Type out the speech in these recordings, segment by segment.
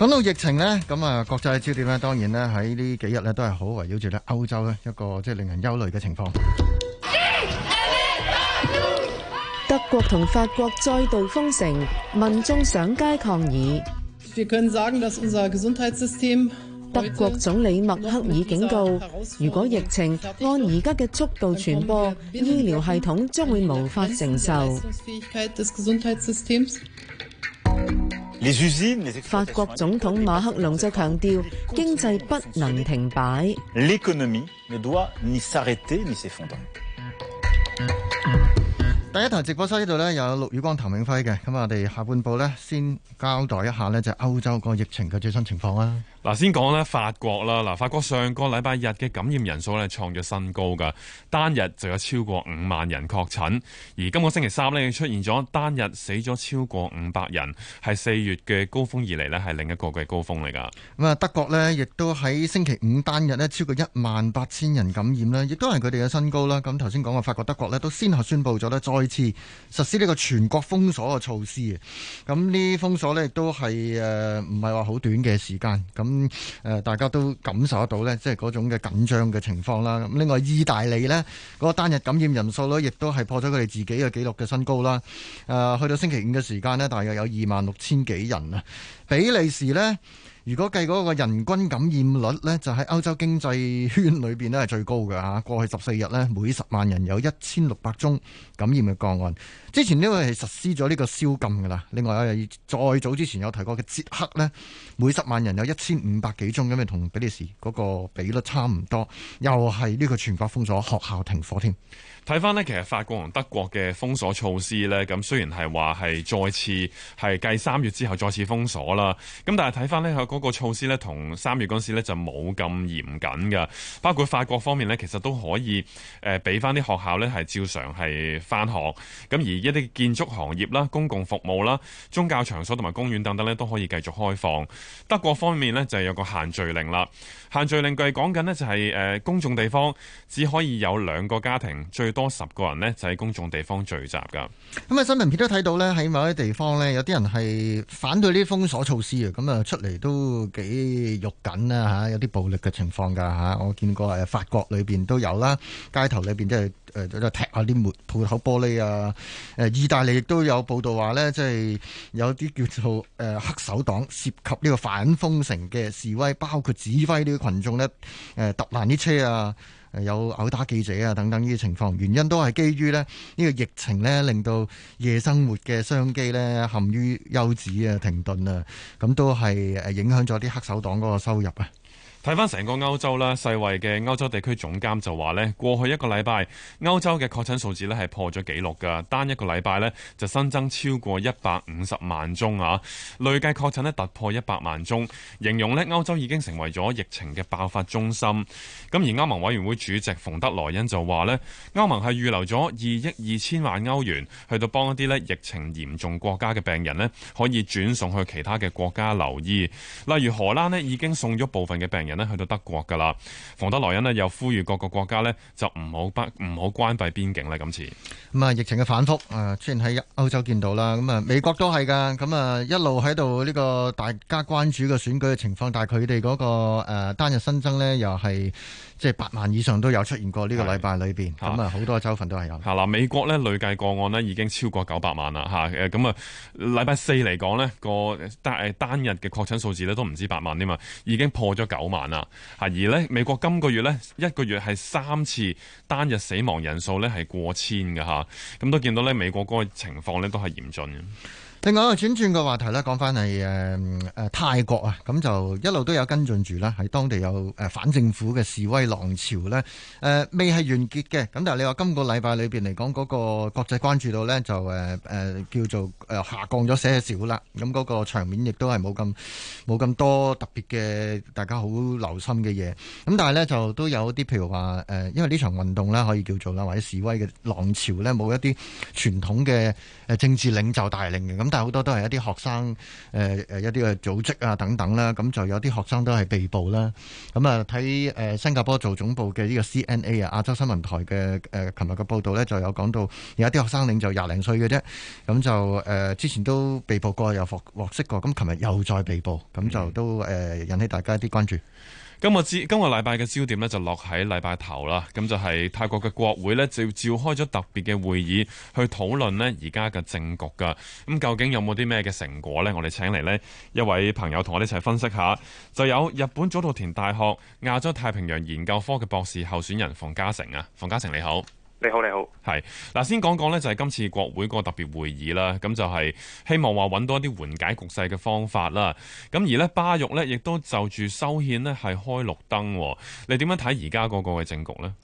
講到疫情呢，咁啊，國際焦點呢，當然呢喺呢幾日呢都係好圍繞住咧歐洲呢一個即係令人憂慮嘅情況。德國同法國再度封城，民眾上街抗議。德國總理默克爾警告，如果疫情按而家嘅速度傳播，醫療系統將會無法承受。法國總統馬克龍就強調，經濟不能停擺。第一台直播室呢度咧有陸宇光、譚永輝嘅，咁我哋下半部咧先交代一下咧，就歐洲個疫情嘅最新情況啦。嗱，先講咧法國啦。嗱，法國上個禮拜日嘅感染人數咧創咗新高噶，單日就有超過五萬人確診。而今個星期三咧，出現咗單日死咗超過五百人，係四月嘅高峰以嚟咧係另一個嘅高峰嚟㗎。咁啊，德國呢亦都喺星期五單日咧超過一萬八千人感染啦，亦都係佢哋嘅新高啦。咁頭先講嘅法國、德國咧都先後宣布咗咧再次實施呢個全國封鎖嘅措施嘅。咁呢封鎖呢亦都係誒唔係話好短嘅時間咁。嗯，誒，大家都感受得到呢，即係嗰種嘅緊張嘅情況啦。咁另外，意大利呢個單日感染人數呢，亦都係破咗佢哋自己嘅記錄嘅新高啦。誒，去到星期五嘅時間呢，大約有二萬六千幾人啊。比利時呢。如果計嗰個人均感染率呢，就喺歐洲經濟圈裏邊呢係最高㗎吓啊。過去十四日呢，每十萬人有一千六百宗感染嘅個案。之前呢個係實施咗呢個宵禁嘅啦。另外再早之前有提過嘅捷克呢，每十萬人有一千五百幾宗，咁咪同比利時嗰個比率差唔多。又係呢個全國封鎖、學校停課添。睇翻呢，其實法國同德國嘅封鎖措施呢，咁雖然係話係再次係繼三月之後再次封鎖啦，咁但係睇翻呢喺個措施呢，同三月嗰時呢，就冇咁嚴謹嘅，包括法國方面呢，其實都可以誒俾翻啲學校呢係照常係返學，咁而一啲建築行業啦、公共服務啦、宗教場所同埋公園等等呢，都可以繼續開放。德國方面呢，就係有個限聚令啦，限聚令據講緊呢，就係誒公眾地方只可以有兩個家庭，最多十個人呢，就喺公眾地方聚集㗎。咁啊新聞片都睇到呢，喺某啲地方呢，有啲人係反對呢啲封鎖措施呀，咁啊出嚟都，都幾肉緊啦嚇，有啲暴力嘅情況噶嚇，我見過誒法國裏邊都有啦，街頭裏邊即係誒喺度踢下啲門、鋪頭玻璃啊！誒，意大利亦都有報道話呢，即係有啲叫做誒黑手黨涉及呢個反封城嘅示威，包括指揮呢個群眾呢，誒揼爛啲車啊！有毆打記者啊，等等呢啲情況，原因都係基於呢呢個疫情呢，令到夜生活嘅商機呢陷於休止啊、停頓啊，咁都係誒影響咗啲黑手黨嗰個收入啊。睇翻成個歐洲啦，世衛嘅歐洲地區總監就話呢，過去一個禮拜歐洲嘅確診數字呢係破咗紀錄噶，單一個禮拜呢，就新增超過一百五十萬宗啊，累計確診呢突破一百萬宗，形容呢歐洲已經成為咗疫情嘅爆發中心。咁而歐盟委員會主席馮德萊恩就話呢，歐盟係預留咗二億二千萬歐元去到幫一啲呢疫情嚴重國家嘅病人呢，可以轉送去其他嘅國家留醫，例如荷蘭呢，已經送咗部分嘅病人。人去到德國噶啦，馮德萊恩又呼籲各個國家呢就唔好關唔好關閉邊境咧，今次咁啊！疫情嘅反覆啊，雖然喺歐洲見到啦，咁、嗯、啊美國都係噶，咁、嗯、啊一路喺度呢個大家關注嘅選舉嘅情況，但係佢哋嗰個誒、呃、單日新增呢，又係即係八萬以上都有出現過呢個禮拜裏邊，咁啊好多州份都係有。吓嗱，美國呢累計個案呢，已經超過九百萬啦，吓咁啊禮拜四嚟講呢，個單日嘅確診數字呢都唔止八萬添嘛，已經破咗九萬。啊，而呢，美國今個月呢，一個月係三次單日死亡人數呢係過千嘅嚇，咁，啊，都見到呢，美國嗰個情況呢都係嚴峻嘅。另外一個轉轉嘅話題咧，講翻係泰國啊，咁就一路都有跟進住啦，喺當地有反政府嘅示威浪潮呢，誒、呃、未係完結嘅。咁但係你話今個禮拜裏面嚟講，嗰、那個國際關注度呢，就、呃、誒叫做、呃、下降咗些少啦。咁、那、嗰個場面亦都係冇咁冇咁多特別嘅大家好留心嘅嘢。咁但係呢，就都有啲譬如話誒、呃，因為呢場運動呢可以叫做啦，或者示威嘅浪潮呢，冇一啲傳統嘅政治領袖帶領嘅咁。但係好多都係一啲學生，誒、呃、誒一啲嘅組織啊等等啦，咁就有啲學生都係被捕啦。咁啊睇誒新加坡做總部嘅呢個 CNA 啊，亞洲新聞台嘅誒琴日嘅報道呢，就有講到有啲學生領袖廿零歲嘅啫，咁就誒、呃、之前都被捕過，又獲獲釋過，咁琴日又再被捕，咁就都誒、呃、引起大家一啲關注。今日知今日禮拜嘅焦點就落喺禮拜頭啦，咁就係、是、泰國嘅國會呢就召開咗特別嘅會議去討論呢而家嘅政局噶，咁究竟有冇啲咩嘅成果呢？我哋請嚟呢一位朋友同我哋一齊分析一下，就有日本早稻田大學亞洲太平洋研究科嘅博士候選人馮嘉誠啊，馮嘉誠你好。你好，你好。係嗱，先講講呢，就係今次國會個特別會議啦。咁就係希望話揾多啲緩解局勢嘅方法啦。咁而呢，巴育呢亦都就住修憲呢係開綠燈。你點樣睇而家嗰個嘅政局呢？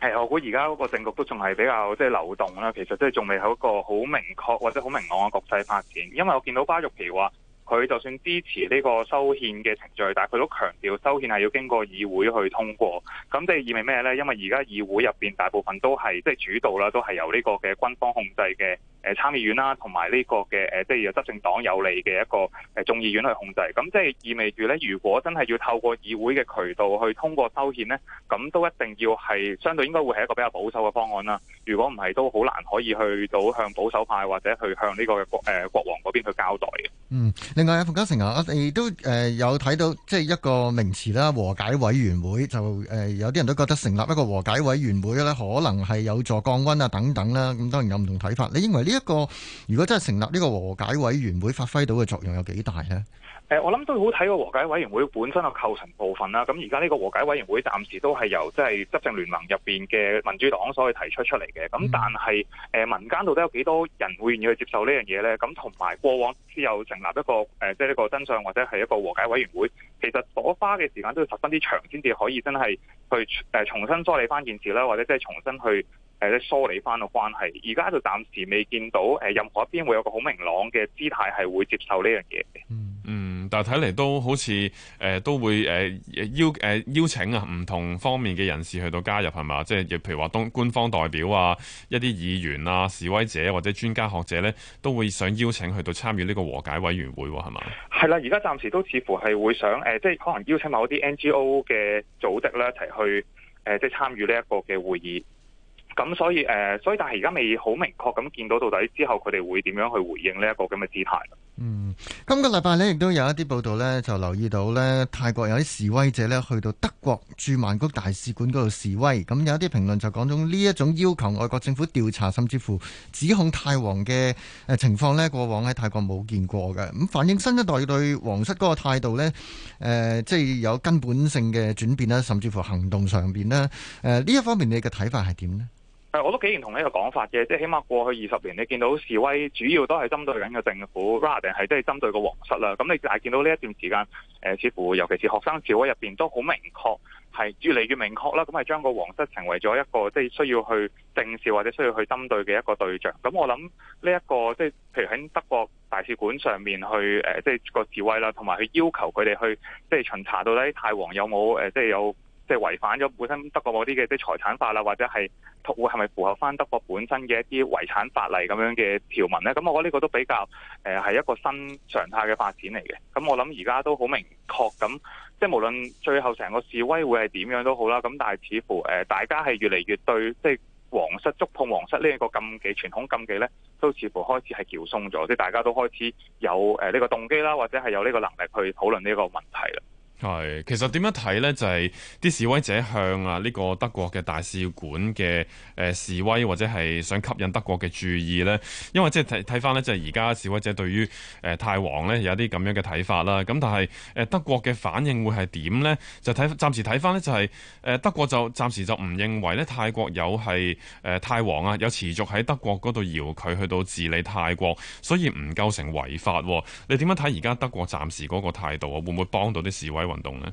係，我估而家嗰個政局都仲係比較即係、就是、流動啦。其實即係仲未有一個好明確或者好明朗嘅局勢發展。因為我見到巴育，譬如話。佢就算支持呢個修憲嘅程序，但係佢都強調修憲係要經過議會去通過，咁即係意味咩咧？因為而家議會入邊大部分都係即係主導啦，都係由呢個嘅軍方控制嘅誒參議院啦，同埋呢個嘅誒即係由執政黨有利嘅一個誒眾議院去控制。咁即係意味住咧，如果真係要透過議會嘅渠道去通過修憲咧，咁都一定要係相對應該會係一個比較保守嘅方案啦。如果唔係，都好難可以去到向保守派或者去向呢個國誒、呃、國王嗰邊去交代嘅。嗯。另外啊，馮嘉誠啊，我哋都誒，有睇到即係一個名詞啦，和解委員會，就誒，有啲人都覺得成立一個和解委員會咧，可能係有助降溫啊等等啦。咁當然有唔同睇法。你認為呢、這、一個，如果真係成立呢個和解委員會發揮到嘅作用有幾大咧？誒，我諗都好睇個和解委員會本身嘅構成部分啦。咁而家呢個和解委員會暫時都係由即係執政聯盟入邊嘅民主黨所去提出出嚟嘅。咁但係誒民間到底有幾多人會願意去接受呢樣嘢呢？咁同埋過往之後成立一個誒，即係呢個真相或者係一個和解委員會，其實所花嘅時間都要十分之長，先至可以真係去誒重新梳理翻件事啦，或者即係重新去誒梳理翻個關係。而家就暫時未見到誒任何一邊會有個好明朗嘅姿態係會接受呢樣嘢。嗯，但係睇嚟都好似誒、呃、都會誒、呃、邀誒、呃、邀請啊，唔同方面嘅人士去到加入係嘛？即係亦譬如話當官方代表啊，一啲議員啊、示威者或者專家學者咧，都會想邀請去到參與呢個和解委員會係嘛？係啦，而家暫時都似乎係會想誒、呃，即係可能邀請某啲 NGO 嘅組織咧，一齊去誒，即係參與呢一個嘅會議。咁所以誒、呃，所以但係而家未好明確咁見到到底之後佢哋會點樣去回應呢一個咁嘅姿態。嗯，今個禮拜呢亦都有一啲報道呢，就留意到呢泰國有啲示威者呢去到德國駐曼谷大使館嗰度示威。咁有一啲評論就講咗呢一種要求外國政府調查，甚至乎指控泰王嘅誒情況呢，過往喺泰國冇見過嘅。咁反映新一代對皇室嗰個態度呢，誒，即係有根本性嘅轉變啦，甚至乎行動上邊呢誒，呢一方面你嘅睇法係點呢？我都幾認同呢個講法嘅，即係起碼過去二十年，你見到示威主要都係針對緊嘅政府，而唔係即係針對個皇室啦。咁你但係見到呢一段時間，呃，似乎尤其是學生示威入面都好明確，係越嚟越明確啦。咁係將個皇室成為咗一個即係需要去正視或者需要去針對嘅一個對象。咁我諗呢一個即係譬如喺德國大使館上面去即係個示威啦，同埋去要求佢哋去即係巡查到底泰王有冇即係有。即係違反咗本身德國嗰啲嘅即係財產法啦，或者係會係咪符合翻德國本身嘅一啲遺產法例咁樣嘅條文咧？咁我覺得呢個都比較誒係一個新常態嘅發展嚟嘅。咁我諗而家都好明確咁，即係無論最後成個示威會係點樣都好啦。咁但係似乎誒大家係越嚟越對即係皇室觸碰皇室呢一個禁忌傳統禁忌咧，都似乎開始係緩鬆咗，即係大家都開始有誒呢個動機啦，或者係有呢個能力去討論呢個問題啦。係，其實點樣睇呢？就係、是、啲示威者向啊呢個德國嘅大使館嘅誒、呃、示威，或者係想吸引德國嘅注意呢？因為即係睇睇翻呢，就係而家示威者對於誒、呃、泰王呢，有啲咁樣嘅睇法啦。咁但係誒、呃、德國嘅反應會係點呢？就睇暫時睇翻呢，就係、是、誒、呃、德國就暫時就唔認為呢泰國有係誒、呃、泰王啊，有持續喺德國嗰度搖佢去到治理泰國，所以唔構成違法，哦。你點樣睇而家德國暫時嗰個態度啊？會唔會幫到啲示威？運動呢，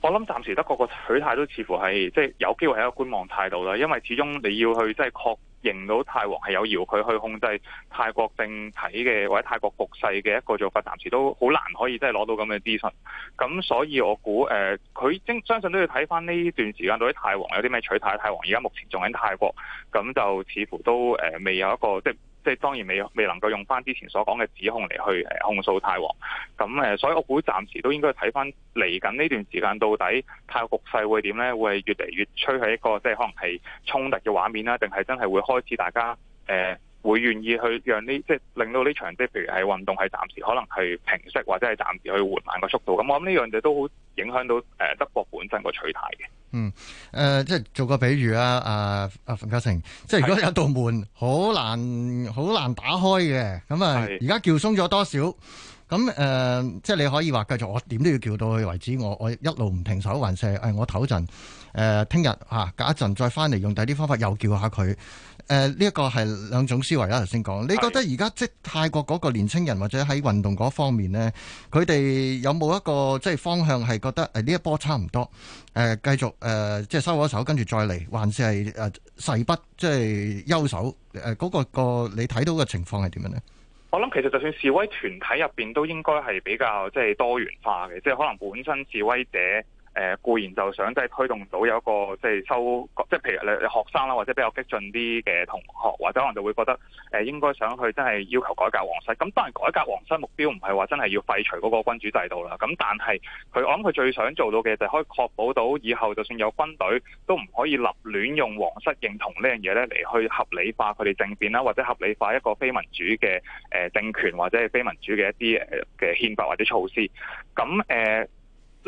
我諗暫時得個個取態都似乎係即係有機會係一個觀望態度啦，因為始終你要去即係確認到泰王係有搖佢去控制泰國政體嘅或者泰國局勢嘅一個做法，暫時都好難可以即係攞到咁嘅資訊。咁所以我估誒、佢、呃、相信都要睇翻呢段時間到底泰王有啲咩取態，泰王而家目前仲喺泰國，咁就似乎都誒、呃、未有一個即係。即係即係當然未未能夠用翻之前所講嘅指控嚟去控訴泰王，咁誒，所以我估暫時都應該睇翻嚟緊呢段時間到底泰國局勢會點呢？會係越嚟越趨喺一個即係可能係衝突嘅畫面啦，定係真係會開始大家誒會願意去讓呢，即令到呢場即譬如係運動係暫時可能係平息或者係暫時去緩慢個速度。咁我諗呢樣嘢都好影響到誒德國本身個取態嘅。嗯，誒、呃、即做個比喻啊，阿阿馮嘉誠，即如果有道門好難好難打開嘅，咁啊而家撬鬆咗多少？咁誒、呃、即你可以話繼續，我點都要撬到佢為止。我我一路唔停手還射。哎、我唞陣，誒聽日嚇隔一陣再翻嚟用第啲方法又撬下佢。誒呢一個係兩種思維啦，頭先講，你覺得而家是的 即泰國嗰個年青人或者喺運動嗰方面呢，佢哋有冇一個即係方向係覺得誒呢、呃、一波差唔多誒呃、繼續誒、呃、即係收咗手，跟住再嚟，還是係誒勢不即係優手誒嗰、呃嗰個、嗰個你睇到嘅情況係點樣呢？我諗其實就算示威團體入邊都應該係比較即係多元化嘅，即係可能本身示威者。誒固然就想即係推動到有一個即係收，即係譬如你學生啦，或者比較激進啲嘅同學，或者可能就會覺得誒應該想去真係要求改革皇室。咁當然改革皇室目標唔係話真係要廢除嗰個君主制度啦。咁但係佢我諗佢最想做到嘅就係可以確保到以後就算有軍隊都唔可以立亂用皇室認同呢樣嘢咧嚟去合理化佢哋政變啦，或者合理化一個非民主嘅誒政權或者係非民主嘅一啲誒嘅憲法或者措施。咁誒。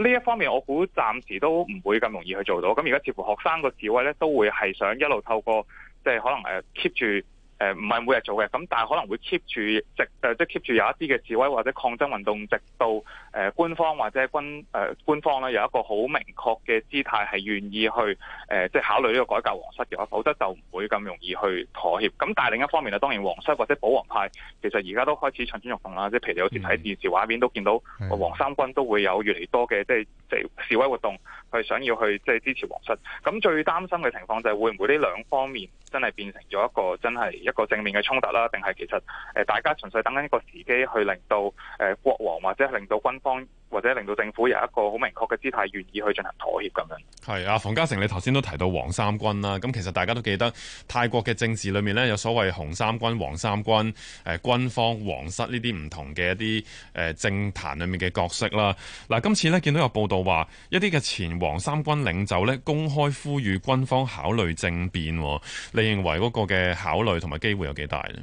呢一方面，我估暫時都唔會咁容易去做到。咁而家似乎學生個示威咧，都會係想一路透過即係、就是、可能誒 keep 住。誒唔係每日做嘅，咁但係可能會 keep 住直誒，即係 keep 住有一啲嘅示威或者抗爭運動，直到誒官方或者軍誒、呃、官方咧有一個好明確嘅姿態係願意去誒、呃，即係考慮呢個改革皇室嘅話，否則就唔會咁容易去妥協。咁但係另一方面咧，當然皇室或者保皇派其實而家都開始蠢蠢欲動啦，即係譬如有時睇電視畫面都見到，我、嗯、王三軍都會有越嚟越多嘅即係示威活動，去想要去即係支持皇室。咁最擔心嘅情況就係會唔會呢兩方面真係變成咗一個真係一個正面嘅衝突啦，定係其實誒大家純粹等緊一個時機去令到誒國王或者係令到軍方，或者令到政府有一個好明確嘅姿態願意去進行妥協，咁樣係啊，馮嘉誠，你頭先都提到黃三軍啦。咁其實大家都記得泰國嘅政治裏面咧，有所謂紅三軍、黃三軍，誒軍方、皇室呢啲唔同嘅一啲誒政壇裏面嘅角色啦。嗱，今次咧見到有報道話一啲嘅前黃三軍領袖咧公開呼籲軍方考慮政變，你認為嗰個嘅考慮同埋機會有幾大咧？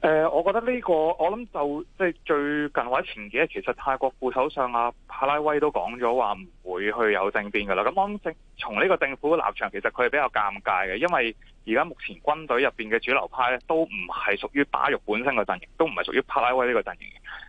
誒、呃，我覺得呢、這個，我諗就即係、就是、最近或者前幾日，其實泰國副首相啊，帕拉威都講咗話。會去有政變嘅啦。咁我諗從呢個政府立場，其實佢係比較尷尬嘅，因為而家目前軍隊入面嘅主流派咧，都唔係屬於巴育本身嘅陣營，都唔係屬於帕拉威呢個陣營。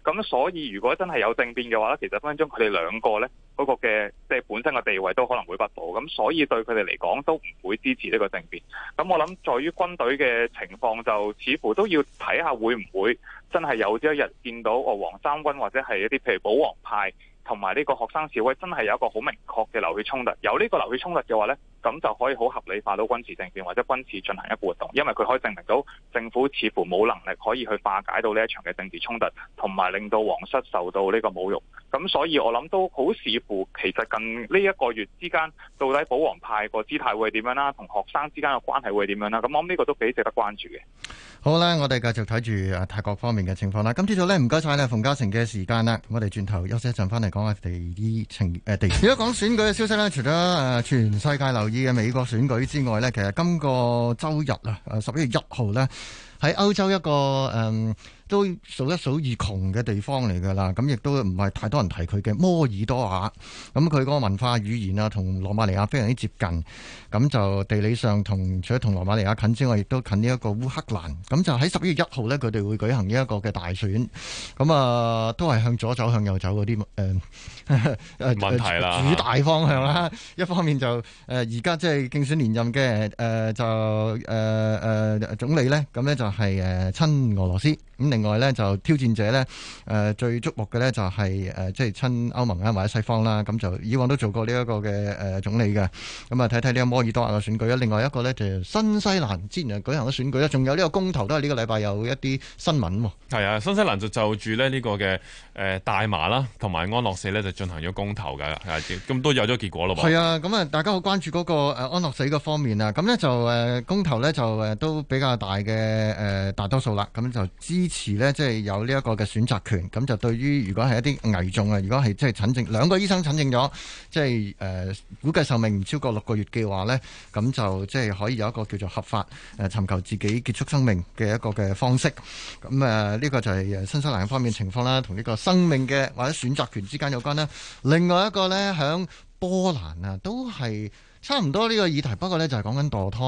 咁所以如果真係有政變嘅話咧，其實分分鐘佢哋兩個咧，嗰個嘅即係本身嘅地位都可能會不保。咁所以對佢哋嚟講，都唔會支持呢個政變。咁我諗在於軍隊嘅情況，就似乎都要睇下會唔會真係有朝一日見到哦，黃三軍或者係一啲譬如保皇派。同埋呢個學生示威真係有一個好明確嘅流血衝突，有呢個流血衝突嘅話呢，咁就可以好合理化到軍事政變或者軍事進行一個活動，因為佢可以證明到政府似乎冇能力可以去化解到呢一場嘅政治衝突，同埋令到皇室受到呢個侮辱。咁所以，我諗都好視乎，其實近呢一個月之間，到底保皇派個姿態會係點樣啦、啊，同學生之間嘅關係會係點樣啦、啊。咁我諗呢個都幾值得關注嘅。好啦，我哋繼續睇住誒泰國方面嘅情況啦。咁之後呢，唔該晒呢，馮嘉誠嘅時間啦。我哋轉頭休息一陣、呃，翻嚟講下第二啲情誒第。如果講選舉嘅消息呢，除咗、呃、全世界留意嘅美國選舉之外呢，其實今個周日啊，十一月一號呢。喺歐洲一個誒、嗯、都數一數二窮嘅地方嚟㗎啦，咁亦都唔係太多人提佢嘅摩爾多瓦。咁佢個文化語言啊，同羅馬尼亞非常之接近。咁就地理上同除咗同羅馬尼亞近之外，亦都近呢一個烏克蘭，咁就喺十一月一號咧，佢哋會舉行呢一個嘅大選，咁啊，都係向左走向右走嗰啲誒問題啦，主大方向啦。一方面就誒而家即係競選連任嘅誒、呃、就誒誒、呃呃、總理咧，咁咧就。係誒親俄羅斯咁，另外咧就挑戰者呢，誒、呃、最矚目嘅呢就係、是、誒、呃、即係親歐盟啦或者西方啦，咁就以往都做過呢一個嘅誒總理嘅，咁啊睇睇呢個摩爾多亞嘅選舉啦，另外一個呢，就是、新西蘭之前舉行嘅選舉啦，仲有呢個公投都係呢個禮拜有一啲新聞、啊。係啊，新西蘭就就住咧呢個嘅誒大麻啦同埋安樂死呢，就進行咗公投噶，咁都有咗結果咯。係啊，咁啊大家好關注嗰個誒安樂死個方面啊，咁呢，就誒公投呢，就誒都比較大嘅。呃、大多數啦，咁就支持呢，即係有呢一個嘅選擇權。咁就對於如果係一啲危重啊，如果係即係診證兩個醫生診證咗，即係呃、估計壽命唔超過六個月嘅話呢，咁就即係可以有一個叫做合法誒尋求自己結束生命嘅一個嘅方式。咁誒呢個就係新西蘭方面情況啦，同呢個生命嘅或者選擇權之間有關啦。另外一個呢，響波蘭啊，都係，差唔多呢個議題，不過呢就係講緊墮胎。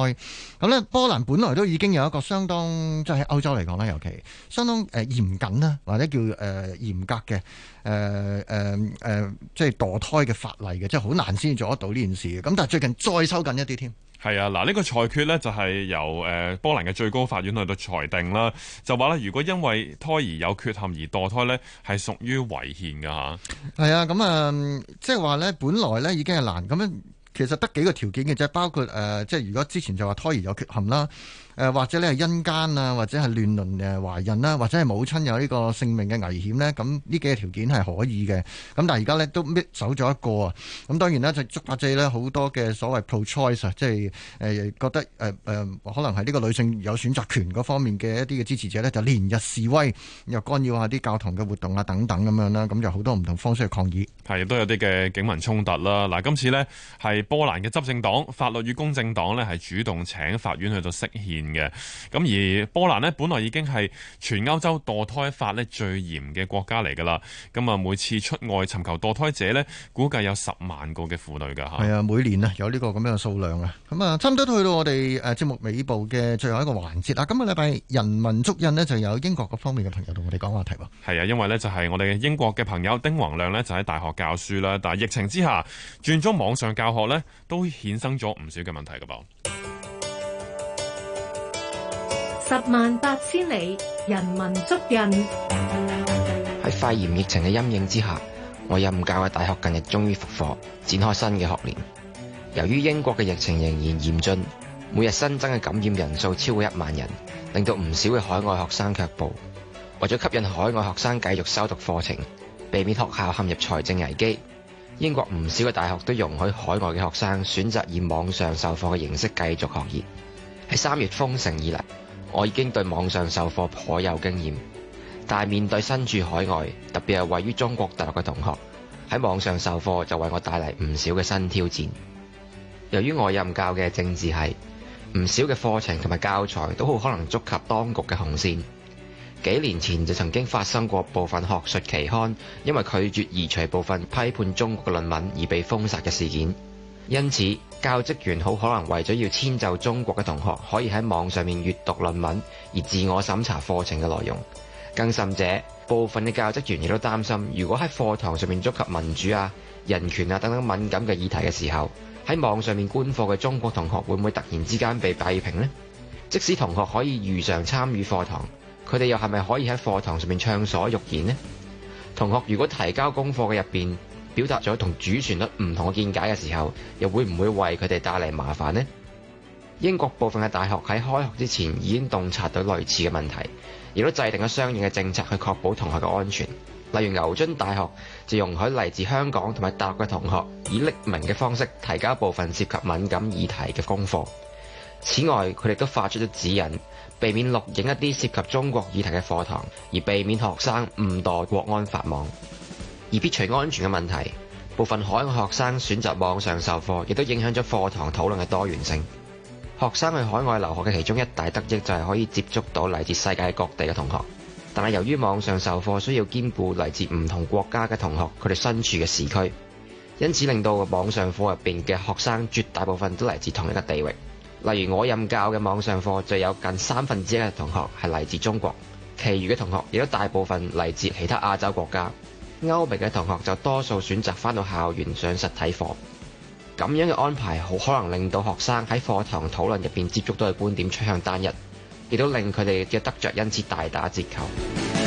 咁呢，波蘭本來都已經有一個相當即係歐洲嚟講啦，尤其相當誒嚴謹啦，或者叫誒嚴格嘅誒誒誒，即係墮胎嘅法例嘅，即係好難先做得到呢件事。咁但係最近再收緊一啲添。係啊，嗱、這、呢個裁決呢就係由誒波蘭嘅最高法院去到裁定啦，就話呢，如果因為胎兒有缺陷而墮胎呢，係屬於違憲㗎。吓。係啊，咁、嗯、啊，即係話呢，本來呢已經係難咁樣。其實得幾個條件嘅啫，包括誒、呃，即係如果之前就話胎兒有缺陷啦，誒或者你係陰間啊，或者係亂倫誒懷孕啦，或者係母親有呢個性命嘅危險呢。咁呢幾個條件係可以嘅。咁但係而家呢，都搣走咗一個啊。咁當然啦，就觸發咗呢好多嘅所謂 pro-choice，啊，ice，即係誒、呃、覺得誒誒、呃、可能係呢個女性有選擇權嗰方面嘅一啲嘅支持者呢，就連日示威，又干擾一下啲教堂嘅活動啊，等等咁樣啦，咁就好多唔同方式去抗議。係，都有啲嘅警民衝突啦。嗱，今次呢。係。波蘭嘅執政黨法律與公正黨咧，係主動請法院去到釋憲嘅。咁而波蘭呢，本來已經係全歐洲墮胎法咧最嚴嘅國家嚟㗎啦。咁啊，每次出外尋求墮胎者呢，估計有十萬個嘅婦女㗎嚇。係啊，每年啊、這個，有呢個咁樣嘅數量啊。咁啊，差唔多去到我哋誒節目尾部嘅最後一個環節啊。今日禮拜人文足印呢，就有英國嗰方面嘅朋友同我哋講話題喎。係啊，因為呢，就係我哋英國嘅朋友丁宏量呢，就喺大學教書啦，但係疫情之下轉咗網上教學。都衍生咗唔少嘅問題㗎噃，十萬八千里，人文足印。喺肺炎疫情嘅陰影之下，我任教嘅大學近日終於復課，展開新嘅學年。由於英國嘅疫情仍然嚴峻，每日新增嘅感染人數超過一萬人，令到唔少嘅海外學生卻步。為咗吸引海外學生繼續修讀課程，避免學校陷入財政危機。英國唔少嘅大學都容許海外嘅學生選擇以網上授課嘅形式繼續學業。喺三月封城以嚟，我已經對網上授課頗有經驗，但係面對身處海外，特別係位於中國大陸嘅同學，喺網上授課就為我帶嚟唔少嘅新挑戰。由於我任教嘅政治系，唔少嘅課程同埋教材都好可能觸及當局嘅紅線。幾年前就曾經發生過部分學術期刊因為拒絕移除部分批判中國嘅論文而被封殺嘅事件，因此教職員好可能為咗要遷就中國嘅同學，可以喺網上面閱讀論文而自我審查課程嘅內容，更甚者，部分嘅教職員亦都擔心，如果喺課堂上面觸及民主啊、人權啊等等敏感嘅議題嘅時候，喺網上面觀課嘅中國同學會唔會突然之間被閉評呢？即使同學可以如常參與課堂。佢哋又係咪可以喺課堂上面暢所欲言呢？同學如果提交功課嘅入邊表達咗同主旋律唔同嘅見解嘅時候，又會唔會為佢哋帶嚟麻煩呢？英國部分嘅大學喺開學之前已經洞察到類似嘅問題，亦都制定咗相應嘅政策去確保同學嘅安全。例如牛津大學就容許嚟自香港同埋大陸嘅同學以匿名嘅方式提交部分涉及敏感議題嘅功課。此外，佢哋都發出咗指引，避免錄影一啲涉及中國議題嘅課堂，而避免學生誤墮國安法網，而撇除安全嘅問題，部分海外學生選擇網上授課亦都影響咗課堂討論嘅多元性。學生去海外留學嘅其中一大得益就係可以接觸到嚟自世界各地嘅同學，但係由於網上授課需要兼顧嚟自唔同國家嘅同學，佢哋身處嘅時區，因此令到網上課入邊嘅學生絕大部分都嚟自同一個地域。例如我任教嘅網上課，就有近三分之一嘅同學係嚟自中國，其餘嘅同學亦都大部分嚟自其他亞洲國家。歐美嘅同學就多數選擇返到校園上實體課。咁樣嘅安排好可能令到學生喺課堂討論入面接觸到嘅觀點趨向單一，亦都令佢哋嘅得着因此大打折扣。